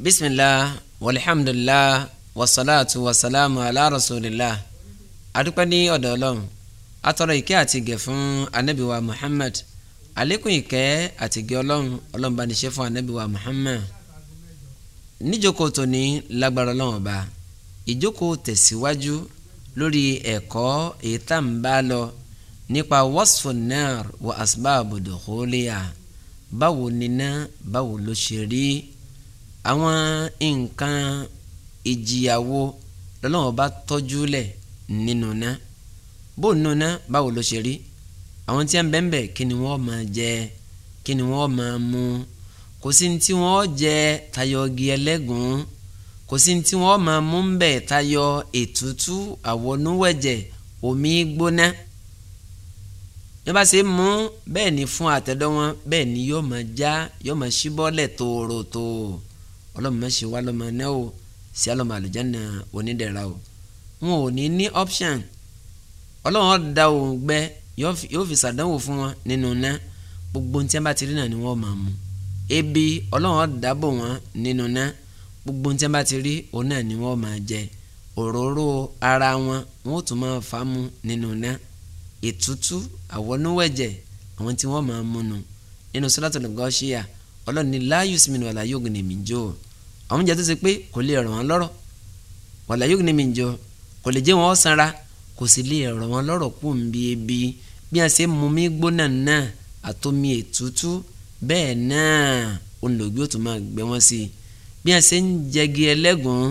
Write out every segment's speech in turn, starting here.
bisimilah walhamdulilah wasalaatu wasalaamu ala rasulillah adúpẹ́ ní ọ̀dọ̀ ọlọ́run atọ́rọ ìkẹ́ àti ìgẹ̀ fún anabiwa muhammad àlékún ìkẹ́ àti ìgẹ̀ ọlọ́run ọlọ́run bá ní ṣe fún anabiwa muhammad níjókòó tòní lágbára ọlọ́run ọba ìjókòó tẹ̀síwájú lórí ẹ̀kọ́ èyí tá à ń bá lọ nípa wasfun nar wa asbaabu dukholiya báwo níná báwo ló ṣe rí àwọn nǹkan ìjìyàwó lọ́lọ́wọ́ bá tọ́jú lẹ̀ nínú náà bó nínú náà báwo ló ṣe rí àwọn tí a ń bẹ́ńbẹ́ kí ni wọ́n máa jẹ kí ni wọ́n máa mu kò sí ní tí wọ́n jẹ tayọ ẹlẹ́gùn kò sí ní wọ́n máa mú ń bẹ̀ tayọ ètútú àwọnúwẹ̀jẹ̀ omi gbóná bí bá ṣe mú bẹ́ẹ̀ ni fún àtẹ̀dọ́ wọn bẹ́ẹ̀ ni yóò máa já yóò máa ṣíbọ́lẹ̀ tòòrò tòòrò ọlọ́run má ṣe wá lọ́mọ náà o sí àlọ́mọ àlùjáná onídẹ̀ra o wọn ò ní ní option ọlọ́run da òun gbẹ yóò fi ṣàdánwò fún wọn nínú náà gbogbo ntí wọn bá ti rí náà ni wọn máa mú ebi ọlọ́run dábò wọn nínú náà gbogbo ntí wọn bá ti rí òun náà ni wọn máa jẹ òróró ara wọn wọn ò tún máa fà mu nínú náà ètútú àwọnúwẹ̀jẹ̀ àwọn tí wọn máa mú nu nínú Suratul Ghashiyah ọlọ́ni láàyò sí mi ní wàlá yóò gbìnìmí jò àwọn oúnjẹ tó ṣe pé kò lè ràn wọ́n lọ́rọ̀ wàlá yóò gbìnìmí jò kò lè jẹ́ wọn sanra kò sì lè ràn wọ́n lọ́rọ̀ kú nbí ebi bí a ṣe mú mi gbóná náà àtomi ètútú bẹ́ẹ̀ náà olùgbé òtún máa gbẹ wọ́n sí i bí a ṣe ń jẹgi ẹlẹ́gùn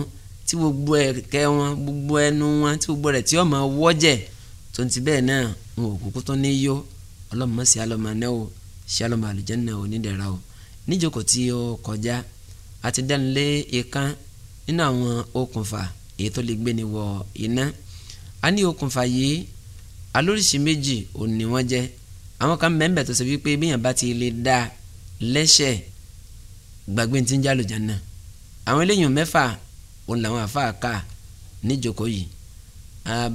tí gbogbo ẹ̀kẹ́ wọn gbogbo ẹnu wọn tí gbogbo rẹ̀ tí ó máa wọ́jẹ̀ tó ń ti bẹ́ẹ̀ náà ń wò kúkú tó ní yó ọlọ́mọ sí alọ́mọ náà o sí alọ́mọ àlùjẹ́ náà o nídẹ̀ẹ́ra o níjókòó tí ó kọjá àti dánilé ìkan nínú àwọn okùnfà èyí tó lè gbéni wọ iná a ní okùnfà yìí alóríṣi méjì òun ni wọ́n jẹ́ àwọn kan mẹ́mbẹ̀ tó ṣe wípé bíyàn bá ti lè dá lẹ́sẹ̀ gbàgbé tí ń jálò jánà àwọn eléyìí mẹ́fà òun làwọn àfáà kà níjókòó yìí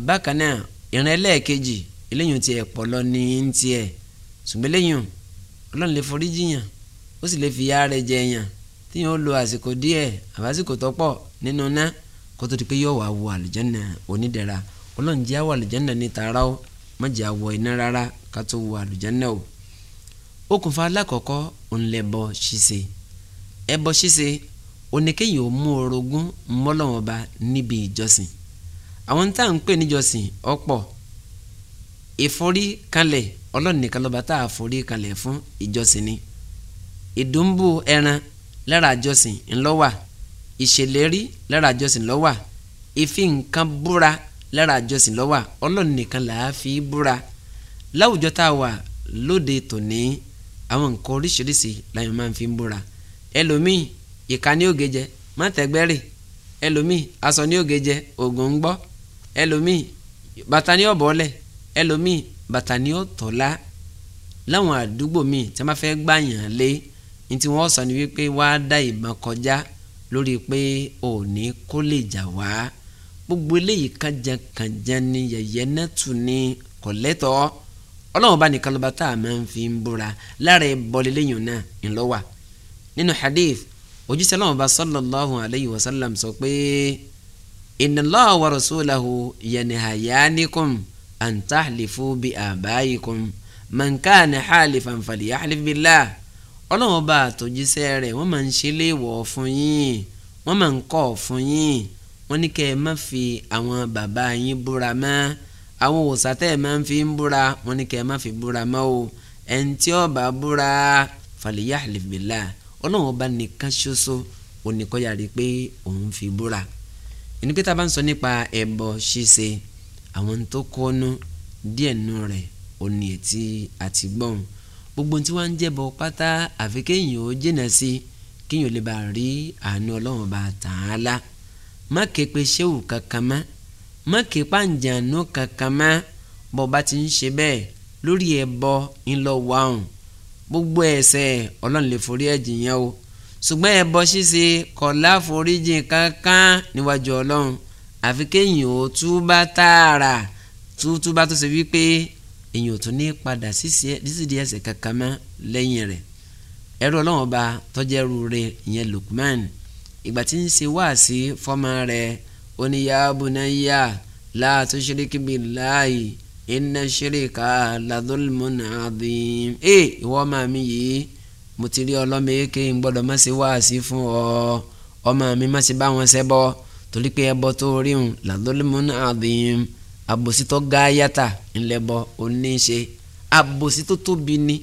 bákan náà ìran ẹlẹ́ẹ̀kejì eléyìí tiẹ̀ pọ̀ lọ ní tiẹ̀ ṣùgbọ́n eléyìí ọlọ́run lè forí jiyàn ó sì lè fi ya rẹ̀ jẹ èèyàn tí yóò lo àsìkò díẹ̀ àbásìkò tọ́pọ̀ nínú ná kó tó di pé yóò wá wọ àlùjànnà onídẹ̀ra ọlọ́run jẹ́ àwọ̀ àlùjànnà ní tààrà ó má jẹ́ àwọ̀ iná rárá ká tó wọ àlùjànnà o. okùnfà alákọ̀ọ́kọ́ ònlẹ̀bọ ṣíṣe ẹbọ ṣíṣe oníkéyìn ò mú orogún mọ́lọ́wọ́n ba níbi ìjọsìn àwọn tá à ń pè níjọsìn ọ̀pọ̀ ìforí kalẹ̀ ọlọ́run nìkan lọ́ba tá a forí kalẹ̀ fún ìjọsìn ni ìdúnbù ẹran lára àjọsìn ńlọ́wà ìṣèlérí lára àjọsìn lọ́wà ìfi nǹkan búra lára àjọsìn lọ́wà ọlọ́run nìkan là á fi búra láwùjọ tá a wà lóde tòní àwọn nǹkan oríṣiríṣi làwọn máa ń fi búra ẹlòmíì ìka ní òge jẹ má tẹgbẹ́rì ẹlòmíì aṣọ ní òge jẹ ògùn ń gbọ́ ẹlòmíì bàtà ní ọ̀bọ̀ọ́lẹ̀ ẹlòmíì bàtà ní ọ̀tọ̀lá láwọn àdúgbò míì tí wọ́n bá fẹ́ gbàyàn lé ntí wọ́n sọ ni wípé wá dá ìbọn kọjá lórí pé òní kó lè jà wá gbogbo eléyìí kànjàkànjà ni yẹ̀yẹ́ náà tù ní kọ̀lẹ́tọ̀ ọlọ́run bá nìkan lọ́ba tá a máa ń fi ń búra lára ìbọ̀lẹ̀ lẹ́yìn náà ńlọ́wà nínú hadith òjíṣẹ́ ọlọ́run bá sallallahu alayhi wa sallam sọ pé inna Allaha wa rasulahu yanhayanikum an tahlifu bi abaikum man kana halifan ọlọ́run ọba àtòjíṣẹ́ rẹ̀ wọ́n máa ń ṣe léèwọ̀ fún yín wọ́n máa ń kọ̀ fún yín wọ́n ní kẹ́ ẹ má fi àwọn bàbá yín búra mọ́ àwọn òòṣà tẹ́ ẹ máa ń fi ń búra wọ́n ní kẹ́ ẹ má fi búra mọ́ o ẹni tí ó bá búra falyahlif billah ọlọ́run ọba nìkan ṣoṣo oníkọ́yà rí i pé òun fi búra ẹni pé tá a bá ń sọ nípa ẹbọ ṣíṣe àwọn tó kọ́nu díẹ̀ nù rẹ̀ òní ètí àtìgbọ́n gbogbo tí wọ́n ń jẹ́ bọ̀ pátá àfi kéèyàn ó jìnà sí i kéèyàn lè bá rí àánú ọlọ́run bá tààlà má ké pe ṣéwù kankan má má ké pàǹjànú kankan má bọ́ bá ti ń ṣe bẹ́ẹ̀ lórí ẹbọ ńlọ́wọ́hùn gbogbo ẹ̀ṣẹ̀ ọlọ́run lè forí ẹ̀jìn yẹn o ṣùgbọ́n ẹbọ ṣíṣe kọ̀ láforíjìn kankan níwájú ọlọ́run àfi kéèyàn ó túbá tààrà túbá tó ṣe wípé èyàn ò tún ní padà sísìdí ẹ̀ṣẹ̀ kankan mọ́ lẹ́yìn rẹ̀ ẹrú ọlọ́run ọba tọ́jú ẹrú rẹ̀ ìyẹn Lukman ìgbà tí ń ṣe wáàsí fọ́mọ rẹ̀ ó ní ya bunayya la tushriki billahi inna shirika la dhulmun adhim ẹ ìwọ ọmọ mi yìí mo ti rí ọlọ́mọ èké ń gbọ́dọ̀ má ṣe wáàsí fún ọ ọmọ mi má ṣe bá wọn ṣẹbọ torí pé ẹbọ tó rí hùn la dhulmun adhim àbòsítọ́ gáyàtà ńlẹ́bọ oníṣe àbòsítọ́ tóbi ni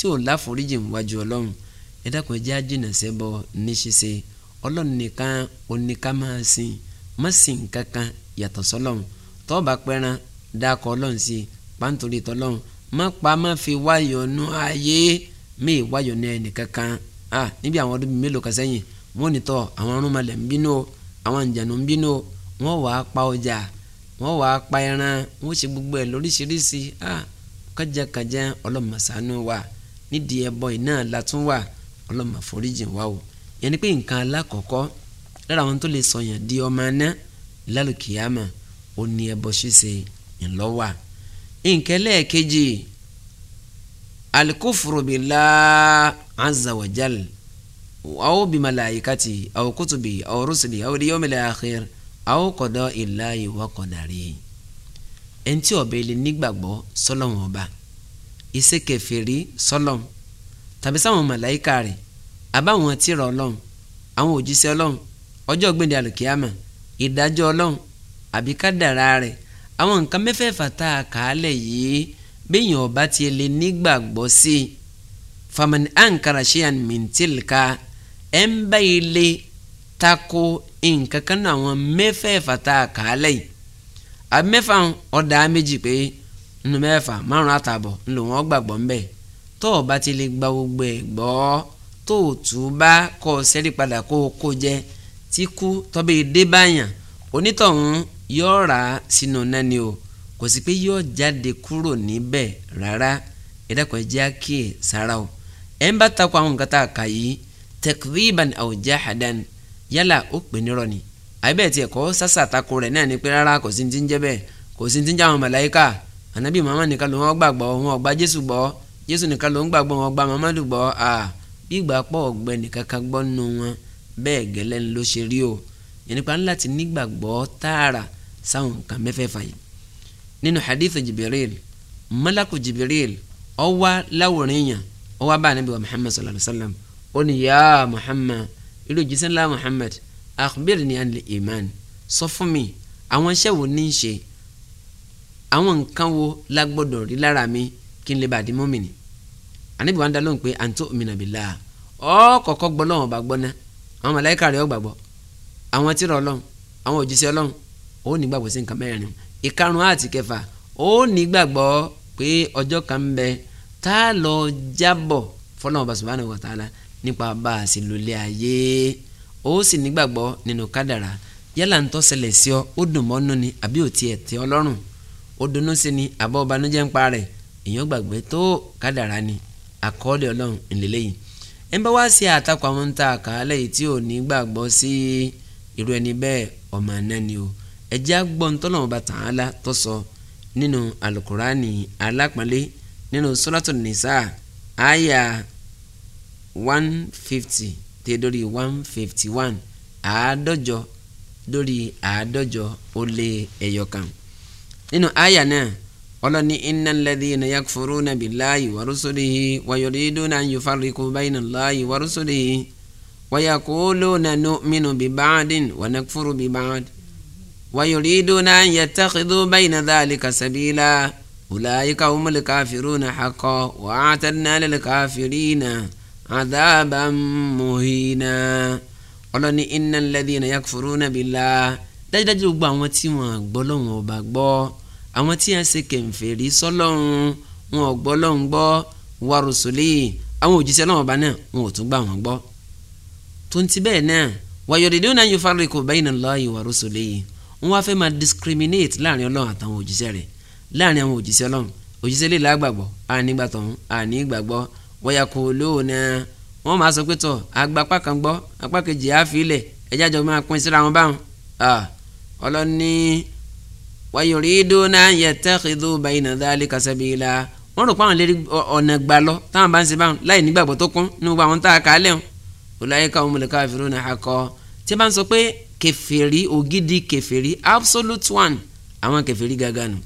tí ò láforíjì wájú ọlọ́run ẹ dákun ẹ jẹ́ àjìnà sẹ́bọ níṣìṣe ọlọ́run nìkan oníkan máa sìn má sìn kankan yàtọ̀ sọ́lọ́run tó bá pẹran dákọ̀ ọlọ́run sí i pàǹtórí tọ́lọ́run má pa má fi wáyọ̀nù ayé mí wáyọ̀nù ẹnìkankan ah níbi àwọn ọdún mélòó kan sẹ́yìn wọ́n ní tọ́ àwọn arúnmalẹ̀ ń bínú o àwọn àǹjànú ń bínú wọ́n wàá pa ọjà wọ́n wàá pa ẹran wọ́n ṣe gbogbo ẹ̀ lóríṣiríṣi kájàkájà ọlọ́mọ wa nídìí ẹbọ iná látún wà ọlọ́mọ foríjì wa o yẹn ni pé nǹkan alákọ̀ọ́kọ́ lára àwọn tó lè sọyàn di ọmọ aná lálùkìyàmà ó ní ẹbọ ṣíṣe ńlọ́wà nǹkan lẹ́ẹ̀kejì alikufuru billah azza wa jal awo bimalayikati awo kutubi awo rusuli awo liyomila akhir àwọn kọ̀dọ̀ ìlà ìwọ kọ̀dàrí ẹni tí ọ̀bẹ ilé nígbàgbọ́ sọlọ́wọ́n ọba iṣẹ́ kẹfìrí sọlọ́wọ́n tàbí sáwọn màláìka rẹ̀ àbáwọn tìrọ ọlọ́run àwọn òjíṣẹ́ ọlọ́run ọjọ́ gbẹ̀dẹ̀ àlùkìyàmà ìdájọ́ ọlọ́run àbí kádàrá rẹ̀ àwọn nǹkan mẹ́fẹ̀ẹ̀fà tá a kà á lẹ̀ yìí bẹ́yìn ọba ti lè nígbàgbọ́ sí i famani ankara ṣe àmìntilka ẹ̀ ń bá ilé tako nǹkan kan náà àwọn mẹ́fẹ̀ẹ̀fà tá a kà á lẹ́yìn àbí mẹ́fà ọ̀dà méjì pé nínú mẹ́fà márùn àtààbọ̀ ńlò wọ́n gbàgbọ́ ńbẹ̀ tó o bá ti lè gba gbogbo ẹ̀ gbọ́ tó o tù ú bá kọ́ ọ sẹ́rí padà kó o kó jẹ tí kú tọ́bẹ̀ e dé báyàn onítọ̀hún yóò rà á sínú nání o kò sí pé yóò jáde kúrò níbẹ̀ rárá ìdákọ̀ ẹ jẹ́ àkíyè sára o ẹ̀ ń bá takò àwọn nǹkan tá a kà yìí takdhiban aw jahadan yálà ó pè nírọ́ ni àbẹ̀ tiẹ̀ kọ́ sásà tako rẹ̀ náà ni pé rárá kò sí ti ń jẹ́ bẹ́ẹ̀ kò sí ti ń jẹ́ àwọn màláíkà ànábì màmá nìkan ló wọ́n gbàgbọ́ wọn ọgbà jésù gbọ́ jésù nìkan ló ń gbàgbọ́ wọn ọgbà mamadu gbọ́ à bí ìgbà pọ̀ ọ̀gbẹ́ nìkan kan gbọ́ nù wọn bẹ́ẹ̀ gẹ́lẹ́ ni ló ṣe rí o ìnípa ńlá ti nígbàgbọ́ tààrà sáwọn nǹkan mẹ́fẹ̀ẹ̀fà yìí nínú hadithu jibril malaku jibril ó wá láwòrán yàn ó wá bá ànábì wa muhammad sallallahu alayhi wa sallam ó ní yá muhammad irú òjíṣẹ́ Muhammad, Muhammad ni an iman sọ fún mi àwọn iṣẹ́ wo ní í ṣe àwọn nǹkan wo la gbọ́dọ̀ rí lára mi kí n lè bàdí mọ́mìnì ànábì wa ń dá lóhùn pé à ń tó òmìnira bìlá ọ kọ̀kọ́ gbọ́ lọ́wọ́ bá gbọ́ ná àwọn màláíkà rẹ̀ ó gbàgbọ́ àwọn tírà ọlọ́run àwọn òjíṣẹ́ ọlọ́run ó ní gbàgbọ́ sí nǹkan mẹ́rin ìkarùn-ún kan ń bẹ tá a lọ jábọ̀ fọlọ́wọ́n bá subhanahu wa ta'ala nípa bá a sì lòlẹ́ ayé ó sì nígbàgbọ́ nínú kádàrá yálà ń tọ́ sí ọ ó dùn mọ́nú ni àbí ò tiẹ̀ tẹ́ ọ lọ́rùn ó dunnú sí ni àbọ̀ ọbanújẹ́ ń pa rẹ̀ èèyàn gbàgbé tó kádàrá ni àkọọ́lẹ̀ ọlọ́run ìlélẹ́yìn ẹ ń bá wá sí àtakò àwọn ń ta àkàálẹ̀ yìí tí ò ní gbàgbọ́ sí irú ẹni bẹ́ẹ̀ ọmọ àná ni o ẹ jẹ́ àgbọ̀n tọ́lọ́mọba tààlà tó sọ nínú alukurani alápọ̀nlé nínú suratul nisa àyà one fifty tẹ dórí one fifty one àádọ́jọ dórí àádọ́jọ ó lé ẹyọ kan nínú àyà náà ọlọ́ni innal ladhina yakfuruna billahi wa rusulihi wa yuriduna an yufarriqu bayna Allahi wa rusulihi wa yaquluna nu'minu biba'din wa nakfuru biba'd wa yuriduna an yattakhidhu bayna dhalika sabila ulaika humul kafiruna haqqan wa a'tadna lil kafirina àdáàbà mọ̀hínà ọlọ́ni iná lẹ́dí iná yakufuru nàbí la dájúdájú gbogbo àwọn tí wọ́n gbọ́ lọ́wọ́n ọba gbọ́ àwọn tí wọ́n ṣe kẹ̀ǹfẹ̀rí sọ́lọ́run wọn ò gbọ́ lọ́wọ́n gbọ́ warusuli àwọn òjíṣẹ́ lọ́wọ́n ọba náà wọn ò tún gbà wọ́n gbọ́ tó ń ti bẹ́ẹ̀ náà wàyọ̀dẹ̀dẹ̀ náà yóò fárí kò báyìí náà lọ́ọ́ ìwà rusuli wọn fẹ́ máa wọ́yà kò lóòna wọ́n máa sọ pé tọ̀ àgbà apá kan gbọ́ apá kejì á fi ilẹ̀ ẹjẹ́ àjọ máa pín síra wọn báwọn ọlọ́ni wáyé rí dóná yẹ tẹ́kìdó báyìí nà dálé kásábìlà wọ́n rò pé àwọn lérí ọ̀nà gbà lọ táwọn bá ń ṣe báwọn láì nígbàgbọ́ tó kún ní gbogbo àwọn tá a kà á lẹ́hùn ọláyíká ọmọ lẹ́ka àfihàn náà akọ tí bá ń sọ pé kẹfẹ́rí ògidì kẹfẹ́rí absolute one àwọn kẹfẹ́rí gàgànù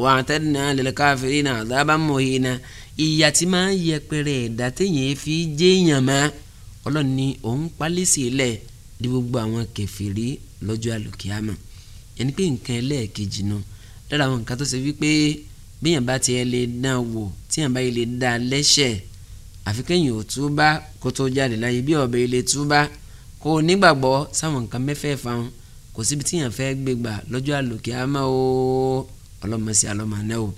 wọ́n àtẹ́dínà lẹ́ka àfihàn náà àdábàmọ̀hìn náà ìyà tí máa ń yẹpẹrẹ ẹ̀dá téèyàn fi jéèyàn má ọlọ́run ni òun pálísì ilẹ̀ di gbogbo àwọn kẹfìrí lọ́jọ́ àlùkìyàmọ̀ ẹni pé nǹkan ẹlẹ́ẹ̀kejì nu lára àwọn nǹkan tó ṣe wípé bíyàn bá tiẹ̀ lè dán wò tíyàn bá yìí lè dá lẹ́sẹ̀ àfi ò túbá kó tó jáde láyé bí ọ̀bẹ ilé túbá kó o nígbàgbọ́ sáwọn nǹkan mẹ́fẹ̀ẹ̀fà wọn kò síbi tíyàn fẹ́ gbé gbà lọ́jọ́ àlùkìyàmọ̀ o ọlọ́mọsí alọ́mọ náà o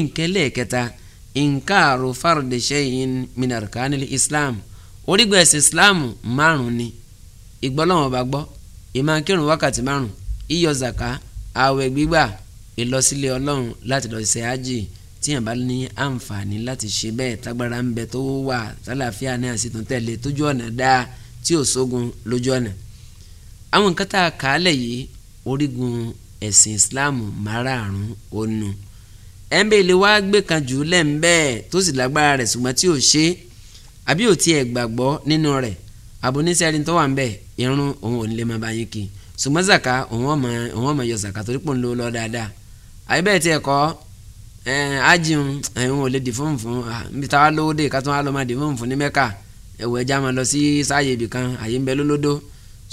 nǹkan ẹlẹ́ẹ̀kẹta nkaaru farde shay'in min arkanil islam orígun ẹ̀sìn islam márùn ni ìgbọ́lọ́wọ́n bá gbọ́ ìmọ̀ kírun wákàtí márùn iyọ̀ zaka àwẹ̀ gbígbà ìlọsílẹ̀ ọlọ́run láti lọ ṣe ájì tíyàn bá ní àǹfààní láti ṣe bẹ́ẹ̀ tágbára ń bẹ tó wà tálàáfíà náà sì tún tẹ̀lé tójú ọ̀nà dáa tí ò sógun lójú ọ̀nà. àwọn nǹkan tá a kà yìí orígun ẹ̀sìn islam márààrún ònu ẹ̀ńbẹ́ lè wá gbé kan jù ú lẹ́ńbẹ́ tó sì lágbára rẹ̀ ṣùgbọ́n tí ò ṣe àbí ò tiẹ̀ gbàgbọ́ nínú rẹ̀ àbóníṣẹ́rin tó wà ń bẹ̀ irun òun ò ní lè máa bá yín kí ṣùgbọ́n zaka òun ọmọ yọ zaka torí pò ń lo lọ dáadáa àbí bẹ́ẹ̀ tiẹ̀ kọ́ ajiun ẹ̀hún ò lè dì fún fún níbi táwa lówó dé ká tún wá máa dì fún fún ní mẹ́ka ẹ̀wọ̀ ẹja máa lọ sí sáàyè ibì kan àyè ń bẹ lólódó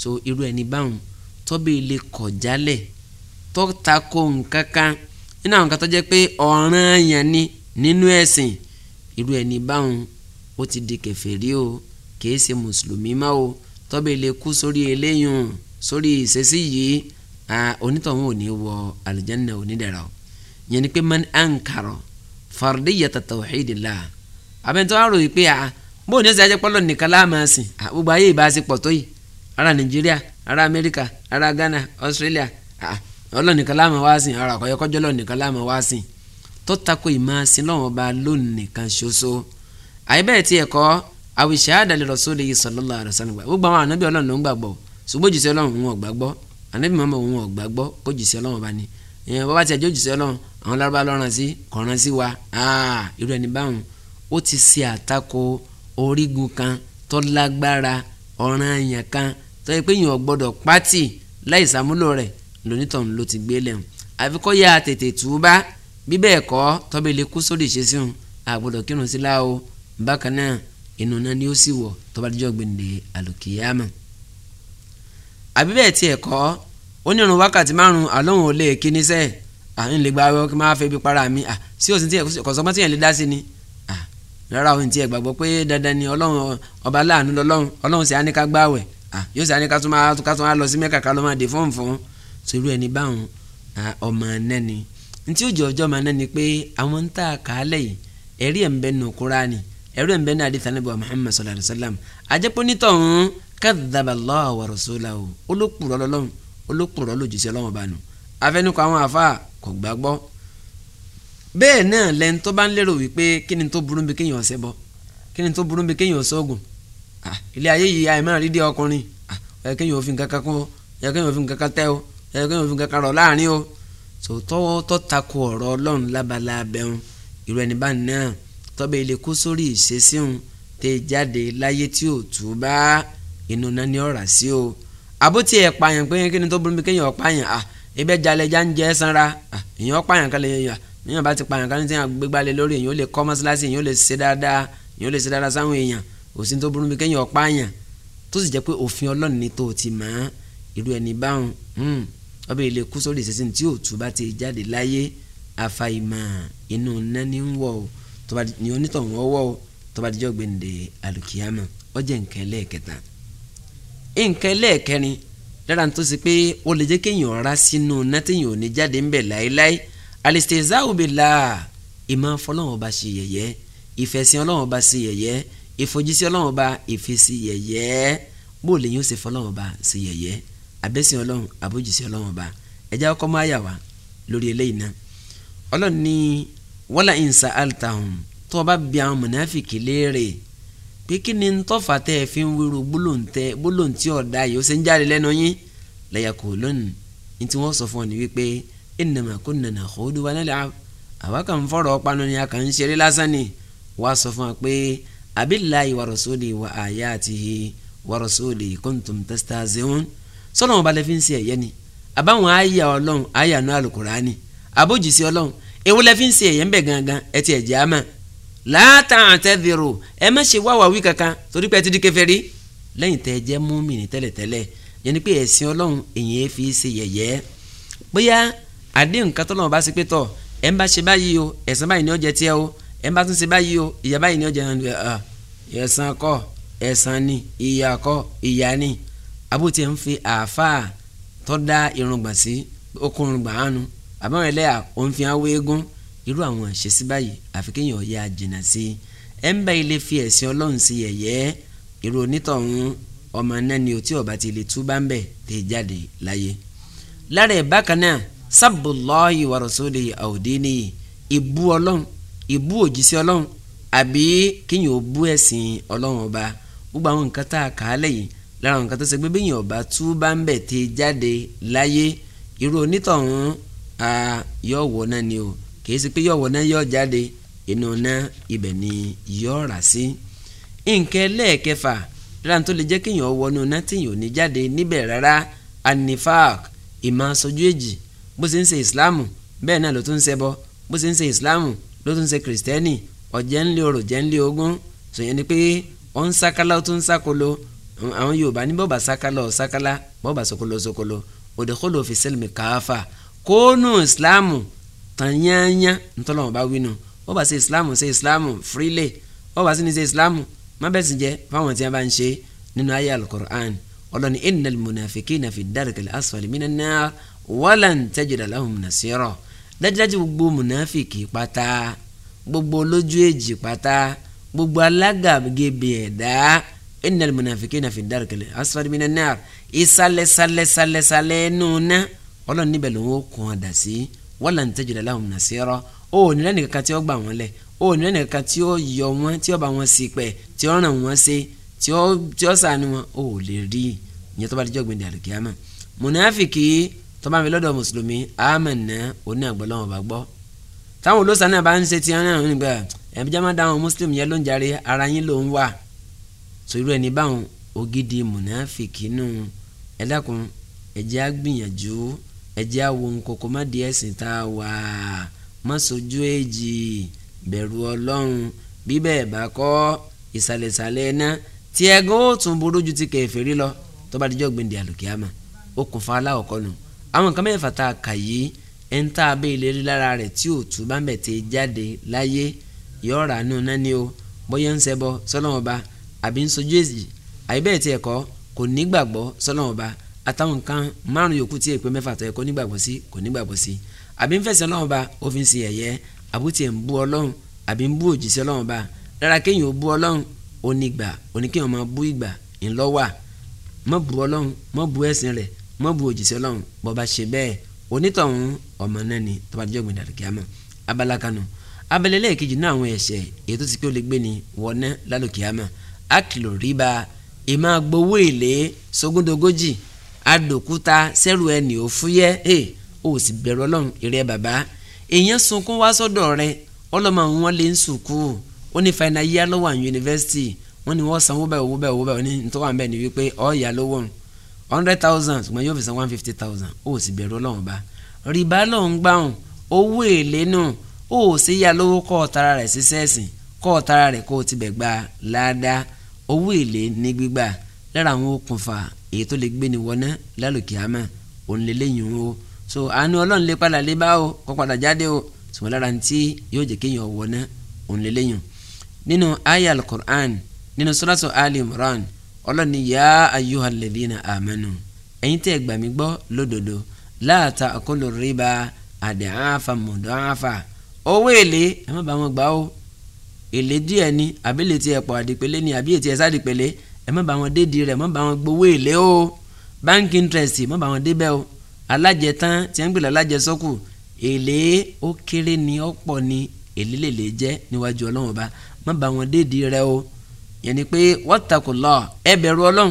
so irú ẹni báwọn tọ́bí ilé kọ̀ jálẹ̀ tọ́ta kó nǹkan kan nínú àwọn kan tó jẹ́ pé ọ̀ràn yẹn ni nínú ẹ̀sìn irú ẹni báwọn ó ti di kèfèrí o kìí ṣe mùsùlùmí má o tọ́bẹ̀ lè kú sórí eléyìn sórí ìṣesí yìí onítọ̀hún ò ní wọ àlùjánnà onídẹ̀ra o yẹn ni pé man ankaro fardiyata tawhidillah abẹ́ntọ́ àrò yìí pé a bó ní ẹsẹ̀ ajẹ́pọ́lọ́ nìkan láàmú ẹ̀sìn gbogbo ayé ìbáṣepọ̀ tó yìí ara Nàìjíríà ara Amẹ́ríkà ara Ghana Australia ọlọ́nìkan láàmú wá sìn ara àkọ́yọ́ kọjọ́ lọ́nìkan láàmú wá sìn tó tako ìmọ̀ sin lọ́wọ́ ọba lónìkan ṣoṣo àyíbẹ̀ tí ẹ̀kọ́ àwìṣẹ́ àdàlẹ́ rọ̀sọ́lẹ̀ yìí sallallahu alaihi wasallam gbogbo àwọn ànábì ọlọ́run ló ń gbàgbọ́ ṣùgbọ́n jùsẹ́ ọlọ́run wọn ò gbàgbọ́ ànábì mọ́mọ́ wọn ò kó jùsẹ́ ọlọ́run bá ní ìyẹn bàbá tí a jó jùsẹ́ ọlọ́run àwọn lárúbá lọ́rùn sí kọ̀ọ̀ràn sí wa irú ẹni báwọn ó ti ṣe àtakò orígun kan tó lágbára ọ̀ràn àyàn kan tó yẹ pé èèyàn ò pátì láì sàmúlò rẹ̀ lónítàn ló ti gbé lẹ́hùn àfi kó yá tètè túbá bí bẹ́ẹ̀ kọ́ tọ́bí lè kú sórí ìṣesí hùn àgbọ̀dọ̀ kírun sí láwo bákan náà inú náà ni ó sì wọ̀ tọ́ba díjọ́ gbèǹde àlùkìyàmọ̀ àbí bẹ́ẹ̀ tiẹ̀ kọ́ ó ní irun wákàtí márùn-ún àlóhùn ò lè kí níṣẹ́ à ń lè gba awẹ́ kí máa fẹ́ ibi para mi à sí òsì tí kọ̀sọ́mọ́ tí yẹn lè dá sí ni à rárá òun tiẹ̀ gbàgbọ́ pé dandan ni ọlọ́run ọba láàánú lọ́lọ́run ọlọ́run sì á ní ká gbáwẹ̀ à yóò sì á ní ká tún máa lọ sí mẹ́kà ká lọ́ máa dè fóònù fóònù sórí ẹni báwọn ọmọ nẹ́ni ntí òjò ọjọ́ máa nẹ́ni pé àwọn ń tà kálẹ̀ yìí ẹ̀rí ẹ̀ ń bẹ nù Kúránì ẹ̀rí ẹ̀ ń bẹ nù àdìsá níbi wa sallallahu alayhi wa sallam àjẹpọ̀ nítọ̀hún kadhaba Allah wa rasulahu olókùrọ̀ lọ́lọ́run olókùrọ̀ lójúṣe ọlọ́wọ́n bá nù afẹnukọ àwọn afa kò gbàgbọ́ bẹ́ẹ̀ náà lẹ́ni tó bá ń lérò wípé kí ni tó burú bí kéèyàn ọ̀sẹ̀ bọ́ kí ni tó burú bí kéèyàn ọ̀sẹ̀ ògùn ilé ayé yìí àìmọ́ àrídìí ọkùnrin ẹ̀ kéèyàn òfin kankan kún ẹ̀ kéèyàn òfin kankan tẹ́ o ẹ kí wọn fi kankan rọ láàrin o tó tọwọ́ tó takò ọ̀rọ̀ ọlọ́run lábala abẹ́hùn irú ẹni bá náà tọ́bẹ̀ ilé kó sórí ìṣesíhùn tẹ́ jáde láyé tí ò tú bá inú náà ní ọ̀rà sí o àbótí ẹ̀ pààyàn pé kí ni tó burú mi kéèyàn pààyàn à ibẹ̀ jalè já ń jẹ́ sanra èèyàn pààyàn kan lè yàn èèyàn bá ti pààyàn kan tí èèyàn gbégbá lé lórí èèyàn ó lè kọ́ mọ́ṣáláṣí èèyàn ó lè ṣe dáadáa èèyàn ó lè ṣe dáadáa sáwọn èèyàn òsín tó burú mi kéèyàn pààyàn tó sì jẹ́ pé òfin ọlọ́run ni tó ti mọ̀ irú ẹni báwọn hmm ọbẹ̀ ilé kú sórí ìṣẹ́sìn tí òtún bá ti jáde láyé àfàìmọ̀ inú nání ń wọ̀ o tọba ní onítọ̀hún ọwọ́ o tọba díjọ́ gbèǹde àlùkìyàmọ̀ ó jẹ́ nǹkan ẹlẹ́ẹ̀kẹta nǹkan ẹlẹ́ẹ̀kẹrin dára tó ṣe pé ó lè jẹ́ kéèyàn ọ̀rá sínú nátìyàn ò ní jáde ńbẹ̀ láéláé alistehza'u billah ìmọ̀ fọlọ́wọ́n bá ṣe yẹ̀yẹ́ ìfẹ̀sìn ọlọ́wọ́n bá ṣe yẹ̀yẹ́ ìfojúsí ọlọ́wọ́n bá ìfisí yẹ̀yẹ́ bó lè yín ó ṣe fọlọ́wọ́n bá ṣe yẹ̀yẹ́ abẹ́sìn ọlọ́run àbójìṣẹ́ ọlọ́run ọba ẹ̀já ọkọ mọ́ àyà wa lórí eléyìí náà ọlọ́run ní wọ́lá ìnsà altahum tó o bá bi àwọn mọ̀nàfìkì léèrè pé kí ni ntọ́fà tẹ́ ẹ fi ń wérò gbólóǹtẹ gbólóǹtì ọ̀dà yìí ó ṣe ń jáde lẹ́nu yín lẹ́yàkó lónìí ní tí wọ́n sọ fún ọ ní wípé innama kunna nakhudu wa nal'ab àwa kàn ń fọ̀rọ̀ ọ̀pánu ni a ń ṣeré lásán ni wá sọ fún wa pé abillahi wa rasuli wa ayatihi wa rasuli kuntum tastahzi'un sọ́nà ọba lẹ́fi ń ṣe ẹ̀yẹ ni àbáwọn àyà ọlọ́run àyà náà alukurani àbójìsí ọlọ́run èwo lẹ́fi ń ṣe ẹ̀yẹ ń bẹ̀ gangan ẹ ti ẹ̀jẹ̀ àmà láàtà àtẹ́dìrò ẹ má ṣe wá wàwí kankan torí pé ẹ ti di kèfèrí lẹ́yìn tẹ́ ẹ jẹ́ múmìnì tẹ́lẹ̀tẹ́lẹ̀ yẹn ni pé ẹ̀sìn ọlọ́run èyàn fi ṣe yẹ̀yẹ́ bóyá àdéhùn katọ́lọ́run bá ṣe pé tọ̀ ẹ ń bá ṣe báyìí o ẹ̀san báyìí ni ó kọ́ ẹ̀san ni abóti ẹ̀ ń fi àáfàá tó dá irùngbọ̀n sí okùnrin gbàánu àbáwọn ẹlẹ́yà òun fi hàn wéégún irú àwọn àṣesí báyìí àfi kéèyàn ọ̀yẹ́ àjìnà sí i ẹ̀ ń bá ilé fi ẹ̀sìn ọlọ́run sí yẹ̀yẹ́ irú onítọ̀hún ọmọ náà ni òtí ọba ti lè túbá ń bẹ̀ tẹ̀ jáde láyé. lára ẹ̀ bákan náà sábùlọ́ọ̀yì wa rasulihi àwòdì nìyí ìbú ọlọ́run ìbú òjíṣẹ́ ọlọ́run àbí kéèyàn ó ẹ̀sìn ọlọ́run ọba gbogbo àwọn nǹkan tá a kà á lára nǹkan tó ṣe pé bẹ́yìn ọba tú bá ń bẹ̀ tẹ jáde láyé irú onítọ̀hún a yọ̀ náà ni o kì í ṣe pé yọ̀ wọ̀ náà yọ̀ jáde inú náà ibẹ̀ ni yọ̀ rà sí. nǹkan ẹlẹ́ẹ̀kẹfà lára tó lè jẹ́ kéèyàn wọnú náà tíyàn ò ní jáde níbẹ̀ rárá anifak ìmọ̀ aṣojú èjì bó ṣe ń ṣe ìsìláàmù bẹ́ẹ̀ náà ló tún ń ṣẹbọ bó ṣe ń ṣe ìsìláàmù ló tún ń ṣe kìrìsìtẹ́nì ọ̀jẹ̀ ńlẹ̀ orò jẹ́ ńlẹ̀ ogún sòyẹn ni pé ó ń sákálá ó tún ń sákolo àwọn Yorùbá ní bọ́ọ̀bà sákálọ̀ sákálá bọ́ọ̀bà sokolo sokolo òdekolo fi sẹ́lẹ̀mì káfà kónú ìsìláàmù tanyanya ntọ́lọ́mọba wínú bọ́ọ̀bà sí ìsìláàmù sí ìsìláàmù frílẹ̀ bọ́ọ̀bà sí ní sí ìsìláàmù má bẹ́ẹ̀ sì jẹ́ fáwọn tí wọ́n bá ń ṣe nínú ayé alukur'an ọlọ́ni innal munafikina fi darikil asfali minan nar walan tajida lahum nasira dájúdájú gbogbo munafiki pátá gbogbo olójú èjì pátá gbogbo alágàgébè ẹ̀dá Inna munafikina fi dárìkìlẹ̀ asfali minan nar ìsàlẹ̀ sàlẹ̀ sàlẹ̀ sàlẹ̀ nùnà ọlọ́run níbẹ̀ ló ń kún ọ̀dà sí wọ́n là ń tẹ́jọ́ lahum nasira ó ní lẹ́nu kankan tí ó gbà wọ́n lẹ̀ ó ní lẹ́nu kankan tí ó yọ wọ́n tí ó bá wọn sí pẹ̀ tí ó ràn wọ́n sí tí ó tí ó sànù wọn ó lè rí ìyẹn tó bá dijọ́ gbẹ̀dẹ̀ àlùkìyàmà munafiki tó bá mi lọ́dọ̀ mùsùlùmí àmánà oní àgbọ̀lọ́wọ̀n bá gbọ́ táwọn olóṣà náà bá ń ṣe tiẹ̀ náà nígbà ẹ̀bí jẹ́ máa dáhùn mùsùlùmí yẹn ló ń jàre ara yín ló ń wà so irú ẹni báwọn ògidì mùnàfìkì nù ẹ dákun ẹ jẹ́ á nkoko má di ẹ̀sìn tá a wà má sojú èjì bẹ̀rù ọlọ́run bí bẹ́ẹ̀ bá kọ́ ìsàlẹ̀sàlẹ̀ iná tí ẹgbẹ́ ó tún burú ju ti kèfèrí lọ tó bá dijọ́ gbèndé àlùkìyàmà ó kún fún aláwọ̀ kọ́nù àwọn nǹkan mẹ́fà tá a kà yìí ẹ̀ ń tá a bẹ́ẹ̀ lè rí lára rẹ̀ tí òtú bá ń bẹ̀ tẹ́ jáde láyé yọ̀ọ́ rà náà ni o bóyá ń ṣẹbọ sọ́lọ́wọ́n ba àbí ń sojú èsì àbí bẹ́ẹ̀ tiẹ̀ kọ́ kò nígbàgbọ́ sọ́nà ọba àtàwọn nǹkan márùn yòókù tí èpè mẹ́fà tó yẹ kó nígbàgbọ́ sí kò nígbàgbọ́ sí àbí ń fẹsẹ̀ ọlọ́run ba òfin sí ẹ̀yẹ́ àbútiẹ̀ ń bú ọlọ́run àbí ń bú òjìṣẹ́ ọlọ́run ba rárá kéèyàn ó bú ọlọ́run onígbà oníkéèyàn máa bú ìgbà ńlọ́wà má bú ọlọ́run má bú ẹ̀sìn rẹ̀ má bú òjìṣẹ́ ọlọ́run bó bá ṣe bẹ́ẹ̀ onítọ̀hún ọmọ tó bá dẹjọ́ gbìndàrí kíámà abala kanu abẹ́lẹ́lẹ́ẹ̀kejì náà àwọn ẹ̀ṣẹ̀ èyí tó ti pé ó lè gbé ni wọ́n ná lálòkíámà akìlò ríba ìmọ̀ agbowó èlé sógúndogójì adòkúta sẹ́rù ẹnì òfúyẹ́ ẹ ò sì bẹ̀rù ọlọ́run ìrẹ́ bàbá èèyàn sunkún wá sọ́dọ̀ rẹ ọlọ́mọ wọn lè ń sùkú ó ní fainá yá lọ́wọ́ àwọn yunifásitì wọ́n san owó báyìí owó báyìí owó báyìí ni wípé san one fifty thousand ó sì bẹ̀rù ọlọ́run bá rìbá owó èlé ní gbígbà lára àwọn okùnfà èyí tó lè gbé ni wọná lálùkìyàmà òun lè léyìn o so àánú ọlọ́run lè padà lé bá o kó padà jáde o ṣùgbọ́n lára ntí yóò jẹ́ kéèyàn wọná òun nínú aya al-Qur'an nínú suratu Ali Imran ọlọ́ni yá ayyuhal ladhina amanu ẹ̀yin tẹ́ ẹ gbà mí gbọ́ lódodo la ta'kulu riba ad'afa mud'afa owó èlé ẹ bá wọn gbà o èlé díẹ̀ ni àbí lè ti ẹ̀ pọ̀ àdìpẹ́lẹ́ ni àbí ètí ẹ̀ sádìpẹ́lẹ́ ẹ̀ mọ́ bá wọn dédi rẹ̀ mọ́ bá wọn gbowó èlé o bank interest mọ́ bá wọn débẹ̀ o alájẹtán tí wọ́n ń gbèlè alájẹsọ́kù èlé ó kéré ni ó pọ̀ ni èlé lè lè jẹ́ níwájú ọlọ́run ọba mọ́ bá wọn dédi rẹ̀ o yẹn ni pé wattaqullah ẹ bẹ̀rù ọlọ́run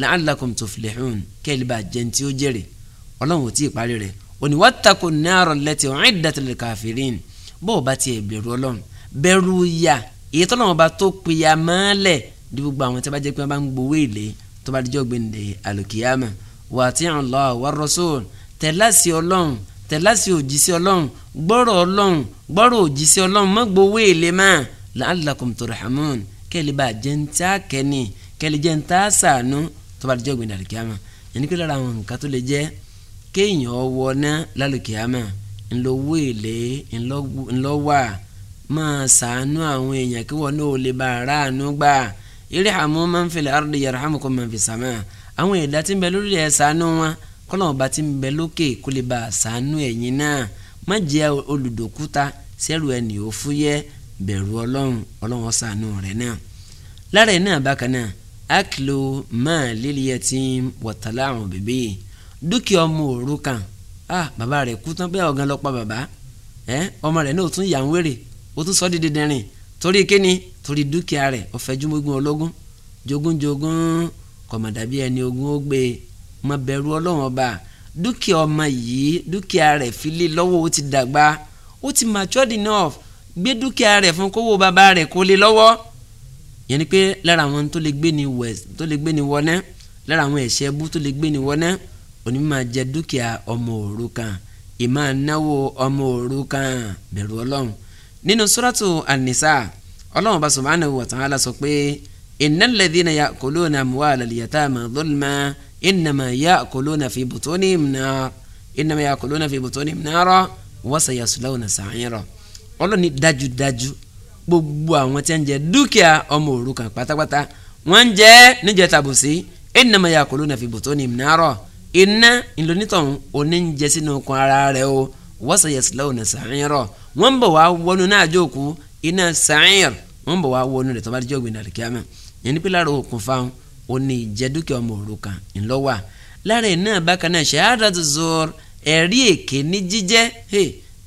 la'allakum tuflihun kẹ́lẹ́ bá jẹun tí ó jèrè ọlọ́run ò tí ì parí rẹ̀ òní wattaqun nar allati u'iddat lil kafirin bó o bá tiẹ̀ bẹ̀rù ọlọ́run bẹ̀rù ìyà èyí tọ́nà wọn bá tó pìyà mọ́lẹ̀ di gbogbo àwọn tí wọ́n bá jẹ́ pé wọ́n bá ń gbowó èlé tó bá dijọ́ gbẹ̀ǹde àlùkìyàmà wà á ti hàn lọ àwọn rọ́sọ̀l tẹ̀láṣì ọlọ́run tẹ̀láṣì òjíṣẹ́ ọlọ́run gbọ́rọ̀ ọlọ́run gbọ́rọ̀ òjíṣẹ́ ọlọ́run má gbowó èlé má la'allakum turhamun kẹ́lẹ́ bá jẹ́ ń tá kẹ́ni kẹ́lẹ́ jẹ́ ń tá sànú tó bá dijọ́ gbẹ̀ǹde àlùkìyàmà yẹn máa sàánú àwọn èèyàn kí wọn náà lè bá aráàánú gbà irhamu man fil ardi yarhamukum man fis sama àwọn ẹ̀dá tí ń bẹ lórí ẹ̀ sàánú wọn kọ́nà ọba tí ń bẹ lókè kó lè bá sàánú ẹ̀yin náà má jẹ́ olùdókúta sẹ́rù ẹni ò fúyẹ́ bẹ̀rù ọlọ́run ọlọ́run sàánú rẹ̀ náà lára ẹ̀ náà bákan náà akilo máa lílì ẹ̀ tí wọ̀tálá àwọn bèbè dúkìá ọmọ òrukàn ah bàbá rẹ̀ kú tán bẹ́ẹ̀ ọ̀gán lọ́pàá bàbá ẹ̀ ọmọ rẹ̀ náà tún yà ń wèrè ó tún sọ di dandanin torí kíni torí dúkìá rẹ̀ ó fẹ́ jùmọ̀gún ológun jogúnjogún kọ̀mọ̀dàbí ẹni ogún ó gbé má bẹ̀rù ọlọ́run ọba dúkìá ọmọ yìí dúkìá rẹ̀ fi lọ́wọ́ ó ti dàgbà ó ti matured enough gbé dúkìá rẹ̀ fún kówó bàbá rẹ̀ kó lé lọ́wọ́ yẹn ni pé lára àwọn tó lè gbé ni west tó lè gbé ni wọnẹ́ lára àwọn ẹ̀ṣẹ̀ ẹbú tó lè gbé ni wọnẹ́ òní máa jẹ dúkìá ọmọ òrukàn ìmáà náwó ọmọ òrukàn bẹ̀rù ọlọ́run nínú suratu anisa ọlọ́run bá subhanahu wa ta'ala sọ pé innal ladhina ya'kuluna amwalal yatama dhulma innama ya'kuluna fi butunihim nara innama ya'kuluna fi butunihim nara wa sayaslawna sa'ira ọlọ́run ní dájúdájú gbogbo àwọn tí wọ́n ń jẹ dúkìá ọmọ òrukàn pátápátá wọ́n ń jẹ níjẹ tàbùsí innama ya'kuluna fi wọ́sẹ̀ yẹ sílẹ̀ ọ̀nà sàáyìnrọ̀ wọ́n bọ̀ wá wọnú náà jókòó iná sàáyìnr wọ́n bọ̀ wá wọnú rẹ̀ tó bá dijọ́ gbìyànjú kíámẹ́ yẹn ní pílárì òkun fáwọn òní ìjẹ́dúkẹ́ ọmọ òrukàn ńlọ́wà lára iná bákan náà ṣahadatu zur ẹ̀rí èké ní jíjẹ́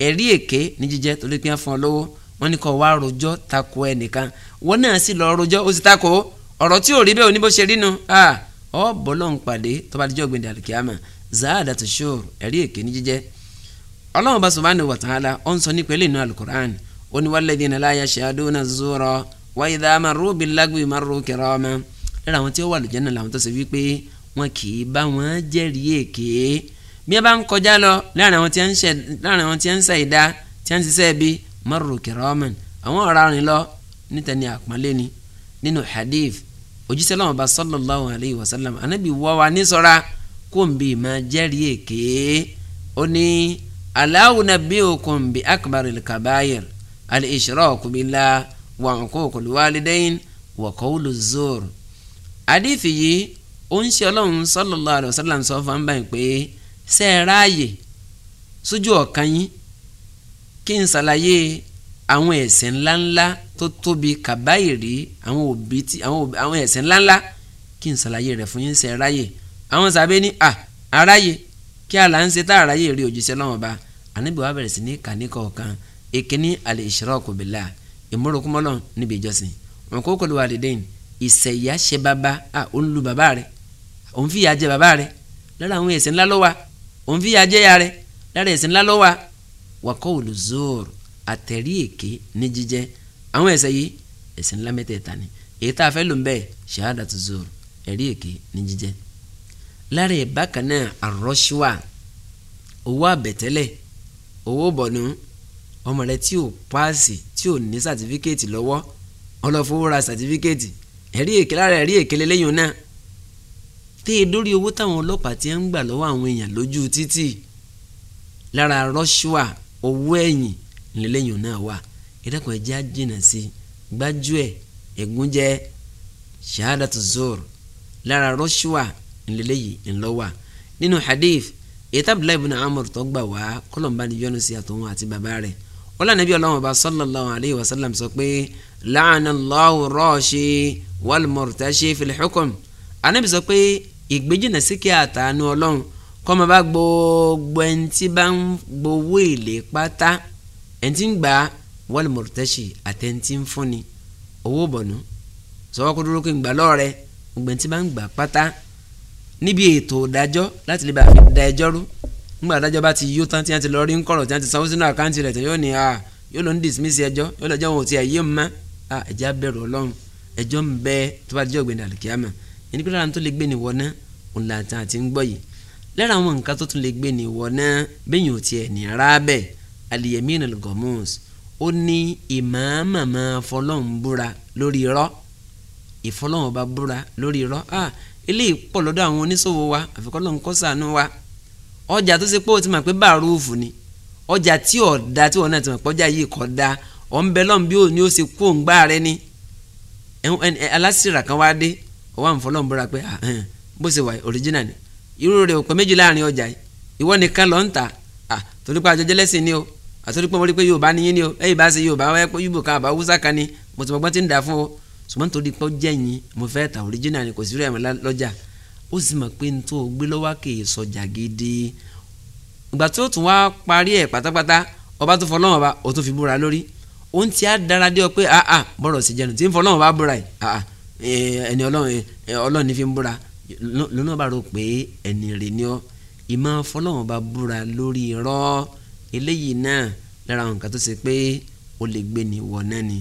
ẹ̀rí èké ní jíjẹ́ torí pé wọ́n fún ọ lówó wọ́n ní kọ́ wá rojọ́ tako ẹnìkan wọ́n náà sì lọ rojọ́ ó sì tako ọ̀rọ̀ tí ò rí bẹ́ẹ̀ oníbó ṣe rínu ọ bọ́lọ́ ń pàdé tó bá dijọ́ gbìyànjú kíámẹ́ zahadatu zur ẹ̀rí èké ní jíjẹ́ ọlọ́run bá subhanahu wa ta'ala ó ń sọ ní pẹ̀lú inú alukur'an ó ní walladhina la yashhaduna az-zura wa idha marru bil-lagwi marru kirama lára àwọn tí ó wà lójẹ́ náà làwọn tó ṣe wípé wọn kì í bá wọn jẹ́rìí èké bí wọn bá ń kọjá lọ láàrin àwọn tí wọn ń ṣe ìdá tí ń ṣiṣẹ́ bí marru kirama àwọn ọ̀rá rìn lọ níta ni àpọ́nlé ni nínú hadith òjíṣẹ́ lọ́wọ́ bá Allahu nabiyukum bi akbaril kabair al-ishraku billah wa uququl walidain wa qawlu zur. àdìfì yìí ó ń ṣe ọlọ́run sallallahu alaihi wasallam sọ fún báyìí pé ṣe é ráàyè sójú ọ̀kan yín kí n ṣàlàyé àwọn ẹ̀ṣẹ̀ ńláńlá tó tóbi kàbáyìrí àwọn òbí tí àwọn ẹ̀ṣẹ̀ ńláńlá kí n ṣàlàyé rẹ̀ fún yín ṣe é àwọn sàbẹ̀ ní à aráyè kí àlà ń ṣe táàrà yìí rí òjíṣẹ́ lọ́wọ́ bá ànábì wa bẹ̀rẹ̀ sí ní kàní kọ̀ọ̀kan èkíní al-ishraku billah ìmúrokúmọ́lọ́ níbi ìjọsìn wọn kó kọlu walidain ìṣẹ̀yà ṣe bàbá à ó ń lu bàbá rẹ̀ òun fìyà jẹ bàbá rẹ̀ lára àwọn ẹ̀ṣẹ̀ ńlá ló wà òun fìyà jẹ ya rẹ̀ lára ẹ̀ṣẹ̀ ńlá ló wà wa qawlu zur àtẹ̀rí èké ní jíjẹ àwọn ẹ̀ṣẹ̀ yìí ẹ̀ṣẹ̀ ńlá mẹ́tẹ̀ẹ̀ta ni èyí tá a fẹ́ lò ń bẹ́ẹ̀ shahadatu zur ẹ̀rí èké ní jíjẹ lára ẹ̀ bákan náà àrọ́ṣíwà owó àbẹ̀tẹ́lẹ̀ owó bọ̀nú ọmọ rẹ tí ò páàsì tí ò ní sàtífíkẹ́ẹ̀tì lọ́wọ́ ọlọ́fowó ra sàtífíkẹ́ẹ̀tì ẹ̀rí èké lára ẹ̀rí èké lẹ́yìn náà tí e dórí owó táwọn ọlọ́pàá ti ń gbà lọ́wọ́ àwọn èèyàn lójú títì lára rọ́ṣùà owó ẹ̀yìn lẹ́lẹ́yìn náà wà ìdákan ẹ̀jẹ̀ àjìnà sí gbájúẹ̀ ẹ̀gúnjẹ ṣahadatu zor lára rọ́ṣùà ńlẹ́lẹ́yìí ńlọ́wà nínú hadith èyí tábìlá ibùnà amúr tó gbà wá kọlọ̀mbá ni yọ́nu sí àtọ̀hún àti bàbá rẹ̀ wọ́n lànà bí ọlọ́wọ́n bá sallallahu alayhi wa sallam sọ pé la'anallahu rashi wal murtashi fil hukm anábì sọ pé ìgbéjìnà síkì àtàánú ọlọ́run kọ́ máa bá gbogbo ẹni bá ń gbowó èlé pátá ẹni ń gbà wal murtashi àti ẹni ń fúnni owó bọ̀nú sọ wọ́n kó dúró kí ń gbà lọ́ọ̀rẹ́ gbogbo ẹni bá ń gbà pátá níbi ètò ìdájọ́ láti lè bá fi da ẹjọ́ rú nígbà adájọ́ bá ti yó tán tí wọ́n ti lọ rí ńkọ̀rọ̀ tí wọ́n ti sanwó sínú àkáǹtì rẹ̀ tán yóò ní a ah, yóò lọ ní dismiss ẹjọ́ yóò lọ jẹ́ wọn ò ti àyè mọ́ a ah, ẹ̀jẹ̀ abẹ́rù ọlọ́run ẹjọ́ ń bẹ tó bá dijọ́ gbẹ̀dẹ̀ àlùkìyàmà ẹni pé lára tó lè gbé ni wọ́n náà òun là tán àti ni wọ́n náà bẹ́yìn ò tiẹ̀ ní rábẹ̀ aliyemina gomus ó ní búra lórí irọ́ ah eléyìí pọ̀ lọ́dọ̀ àwọn oníṣòwò wa àfikọ́ lọ́n kọ́ sànú wa ọjà tó ṣe pé o ti mọ̀ pé bàrúùfù ni ọjà tí ò da tí wọn náà ti mọ̀ pé yìí da ọ̀ bẹ lọ́n bí òní o ṣe kú òǹgbà rẹ ni alásìrà kan wá dé ọwọ́ àǹfọ̀lọ́n bọ́ra pé ah, bó ṣe wà ni irú ò pẹ́ méjì láàrin ọjà yìí ìwọ nìkan ń torí ni o a pé mo rí pé Yorùbá ni ni o ẹ̀yìn bá ṣe wáyé pé ṣùgbọ́n nítorí pé ó jẹ́ yín mo fẹ́ ta original ni kò sí rẹ̀ lọ́jà ó sì mọ̀ pé nítorí o gbé lọ́wọ́ kì í sọjà gidi ìgbà tó tún wá parí ẹ̀ pátápátá ọba tó fọlọ́wọ́n ọba ó tún fi búra lórí òun ti á dára dé ọ pé àà ah, ah, bọ̀rọ̀ sí jẹnu tí ń fọlọ́wọ́n ọba búra yìí àà ah, ẹni ọlọ́run ní fi ń búra lónà bá rò pé ẹni rè ni ọ ìmọ̀ fọlọ́wọ́n ọba búra lórí irọ́ eléyìí náà lára nǹkan tó ṣe pé ó lè gbé ni wọ̀ náà ni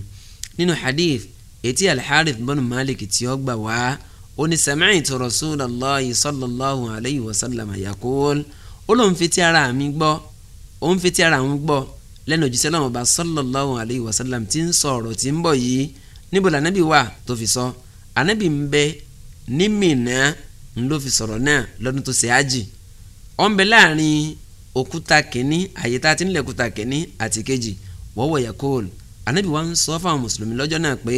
nínú hadith etí alḥarith bọ́nu malik tí ó gbà wá ó ní sami'tu rasulallahi sallallahu alayhi wa sallam yaqul ó lóun fi ti ara mi gbọ́ òun fi ti ara òun gbọ́ lẹ́nu òjíṣẹ́ náà ọba sallallahu alayhi wa sallam ti ń sọ ọ̀rọ̀ tí ń bọ̀ yìí níbo lànàbí wà tó fi sọ ànàbí ń bẹ ní Mínà ń ló fi sọ̀rọ̀ náà lọ́dún tó ṣe ájì ó ń bẹ láàrin òkúta kìíní àyè tá ń lẹ̀ òkúta kìíní àti kejì wọ́wọ́ yakol anabi wa ń sọ fáwọn mùsùlùmí lọ́jọ́ náà pé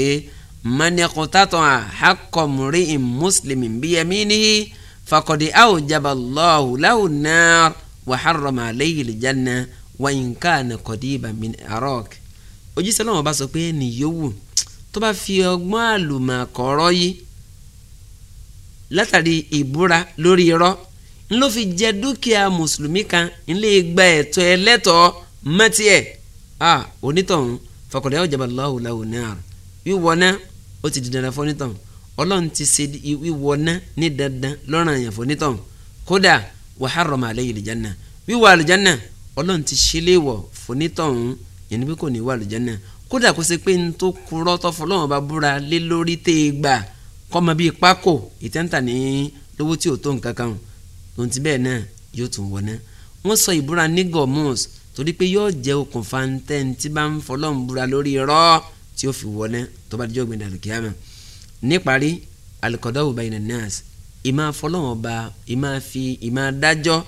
mọ́nìkù tátàn àhákọ̀mùrí in mùsùlùmí bíyẹmí níhi fakọ̀dé àwùjábà lọ́hùn láwùn náà wàhárọ̀mà lẹ́yìn lìjánná wàyínká nàkọ̀dé ìbàmìn àrọ́ọ̀k. ojíṣẹ́ náà wọ́n bá sọ pé ẹnì yòówù tó bá fi ọgbọ́n àlùmọ̀kọ́rọ́ yìí látàrí ìbúra lórí irọ́ ńlọ fi jẹ dúkìá mùsùlùmí kan ńlẹ́ gba ẹ̀tọ́ ẹlẹ́tọ̀ọ́ mọ́tíẹ̀ onítọ̀hún fakọ̀dé ọ̀jàbà lọ́hùn lọ́hùn náà wíwọ náà ó ti di dandan fún onítàn ọlọ́run ti ṣe wíwọ náà ní dandan lọ́rùn àyàn fún onítàn kódà wa harrama alayhi aljanna wíwọ ti ṣe léèwọ̀ fún onítàn yẹn ni pé kò ní wọ aljanna kódà kó ṣe pé ntó kúrọ́ tọ́ fún ọlọ́run bá búra lé lórí tẹ́ ẹ gbà kọ́mọ bíi pákó ìtẹ́ǹtà ní ti bẹ́ẹ̀ náà yóò tún wọ̀ náà wọ́n ìbúra ní gọ̀mọ́ọ̀sì torí pé yóò jẹ́ okùnfà ntẹ́n tí bá ń fọlọ́n búra lórí irọ́ tí ó fi wọlé tó bá dijọ́ gbẹ̀dẹ̀ àlùkìyàmà níparí alikọ̀dọ́ wò báyìí nàás ìmá fọlọ́n ọba ìmá fi ìmá dájọ́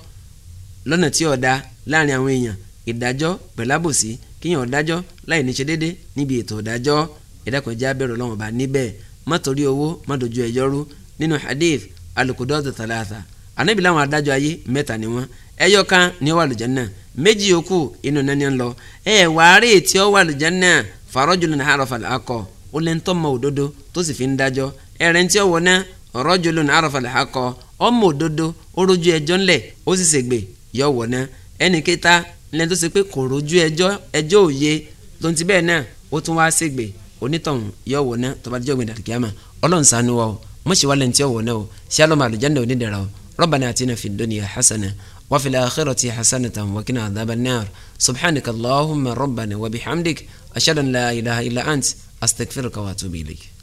lọ́nà tí ọ̀dà láàrin àwọn èèyàn ìdájọ́ pẹ̀lábòsí kíyàn ọ̀dájọ́ láì ní ṣe déédé níbi ètò ìdájọ́ ìdákọ̀já bẹ̀rù lọ́wọ́n ọba níbẹ̀ má torí owó má dojú ẹjọ́ nínú hadith alikọ̀dọ́ tó tàlàtà ànábì láwọn adájọ́ ayé mẹ́ta ni wọ́n ẹyọ kan ni ó wà lùjánà méjì yòókù inú nání ń lọ ẹ wàárí tí ó wà lùjánà farajulun arafa al-haqqa ó lè ń tọ́ mọ òdodo tó sì fi ń dájọ́ ẹ̀rẹ́ tí ó wọ̀ náà rajulun arafa al-haqqa ọmọ òdodo ó rojú ẹjọ́ ńlẹ̀ ó sì ṣègbè yọ wọ̀ náà ẹnì kẹta lẹ́ni tó ṣe pé kò rojú ẹjọ́ òye tó ń ti bẹ́ẹ̀ náà ó tún wá ṣègbè onítọ̀hún yọ wọ̀ náà tó bá وفي الآخرة حسنة وكنا عذاب النار سبحانك اللهم ربنا وبحمدك أشهد أن لا إله إلا أنت أستغفرك وأتوب إليك